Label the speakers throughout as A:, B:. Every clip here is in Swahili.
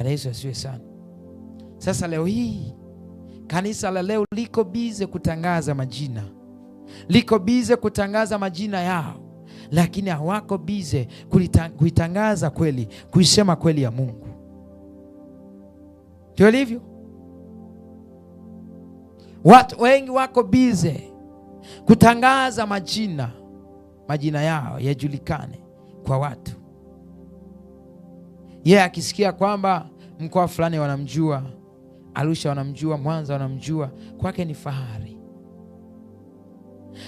A: Bwana Yesu asiwe sana. Sasa leo hii kanisa la leo liko bize kutangaza majina, liko bize kutangaza majina yao, lakini hawako bize kuitangaza kweli, kuisema kweli ya Mungu. Ndio ilivyo, watu wengi wako bize kutangaza majina, majina yao yajulikane kwa watu. Yeye yeah, akisikia kwamba mkoa fulani wanamjua, Arusha wanamjua, Mwanza wanamjua. Kwake ni fahari,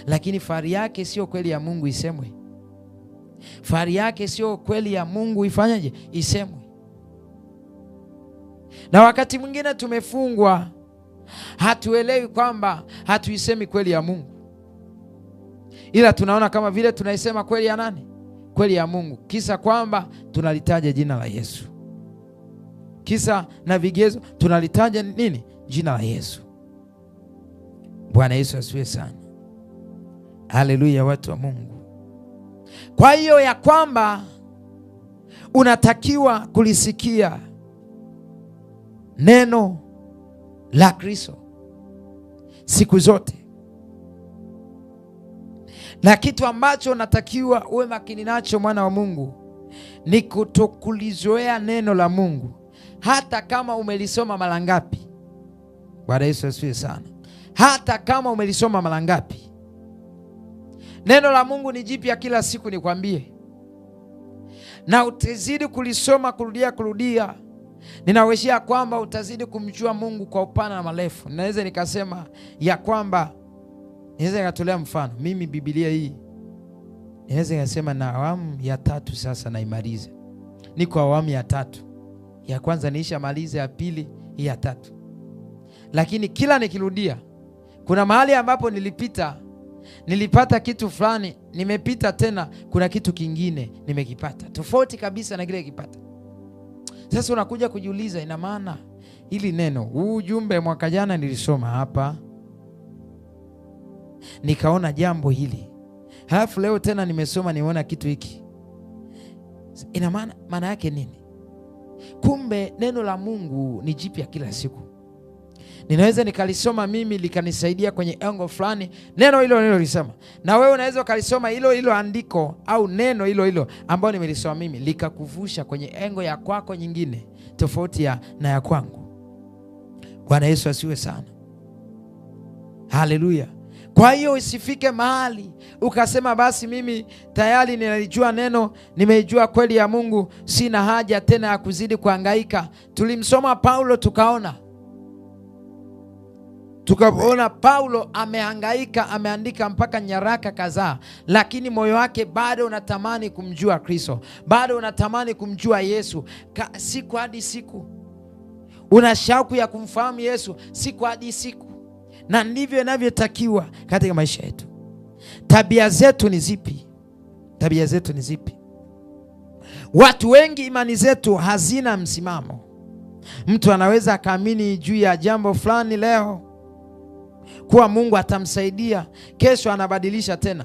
A: lakini fahari yake sio kweli ya Mungu isemwe. Fahari yake sio kweli ya Mungu ifanyaje? Isemwe. Na wakati mwingine tumefungwa, hatuelewi kwamba hatuisemi kweli ya Mungu, ila tunaona kama vile tunaisema kweli ya nani? Kweli ya Mungu, kisa kwamba tunalitaja jina la Yesu kisa na vigezo, tunalitaja nini? Jina la Yesu. Bwana Yesu asiwe sana. Haleluya, watu wa Mungu. Kwa hiyo ya kwamba unatakiwa kulisikia neno la Kristo siku zote, na kitu ambacho unatakiwa uwe makini nacho, mwana wa Mungu, ni kutokulizoea neno la Mungu hata kama umelisoma mara ngapi. Bwana Yesu asifiwe sana. Hata kama umelisoma mara ngapi, neno la Mungu ni jipya kila siku, nikwambie, na utazidi kulisoma kurudia kurudia, ninaweshia kwamba utazidi kumjua Mungu kwa upana na marefu. Ninaweza nikasema ya kwamba niweza nikatolea mfano mimi, Biblia hii niweza nikasema na awamu ya tatu sasa naimaliza, niko awamu ya tatu ya kwanza niisha maliza, ya pili, ya tatu. Lakini kila nikirudia, kuna mahali ambapo nilipita, nilipata kitu fulani, nimepita tena, kuna kitu kingine nimekipata tofauti kabisa na kile kipata. Sasa unakuja kujiuliza, ina maana hili neno, huu ujumbe mwaka jana nilisoma hapa nikaona jambo hili, halafu leo tena nimesoma nimeona kitu hiki, ina maana maana yake nini? Kumbe neno la Mungu ni jipya kila siku, ninaweza nikalisoma mimi likanisaidia kwenye engo fulani, neno hilo lisema, na wewe unaweza ukalisoma hilo hilo andiko au neno hilo hilo ambayo nimelisoma mimi likakuvusha kwenye engo ya kwako nyingine tofauti ya na ya kwangu. Bwana Yesu asiwe sana. Haleluya. Kwa hiyo usifike mahali ukasema basi, mimi tayari nilijua neno, nimeijua kweli ya Mungu, sina haja tena ya kuzidi kuhangaika. Tulimsoma Paulo tukaona tukaona Paulo amehangaika, ameandika mpaka nyaraka kadhaa, lakini moyo wake bado unatamani kumjua Kristo, bado unatamani kumjua Yesu. Ka, siku hadi siku una shauku ya kumfahamu Yesu, siku hadi siku na ndivyo inavyotakiwa katika maisha yetu. Tabia zetu ni zipi? Tabia zetu ni zipi? Watu wengi, imani zetu hazina msimamo. Mtu anaweza akaamini juu ya jambo fulani leo kuwa Mungu atamsaidia, kesho anabadilisha tena,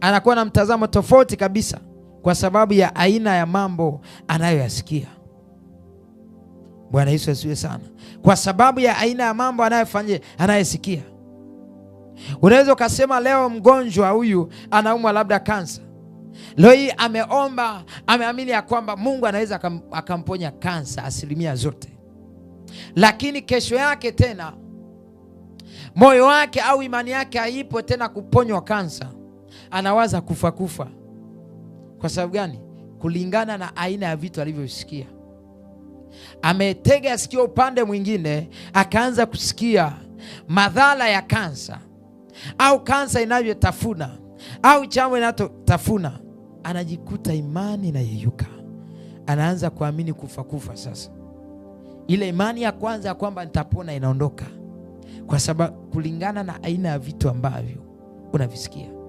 A: anakuwa na mtazamo tofauti kabisa, kwa sababu ya aina ya mambo anayoyasikia. Bwana Yesu asiwe sana, kwa sababu ya aina ya mambo anayefanyia anayesikia. Unaweza ukasema leo mgonjwa huyu anaumwa labda kansa, leo hii ameomba, ameamini ya kwamba Mungu anaweza akam, akamponya kansa asilimia zote, lakini kesho yake tena moyo wake au imani yake haipo tena kuponywa kansa, anawaza kufa kufa. Kwa sababu gani? Kulingana na aina ya vitu alivyosikia ametega sikio upande mwingine, akaanza kusikia madhara ya kansa au kansa inavyotafuna au chama inatotafuna, anajikuta imani inayeyuka, anaanza kuamini kufa kufa. Sasa ile imani ya kwanza ya kwamba nitapona inaondoka, kwa sababu kulingana na aina ya vitu ambavyo unavisikia.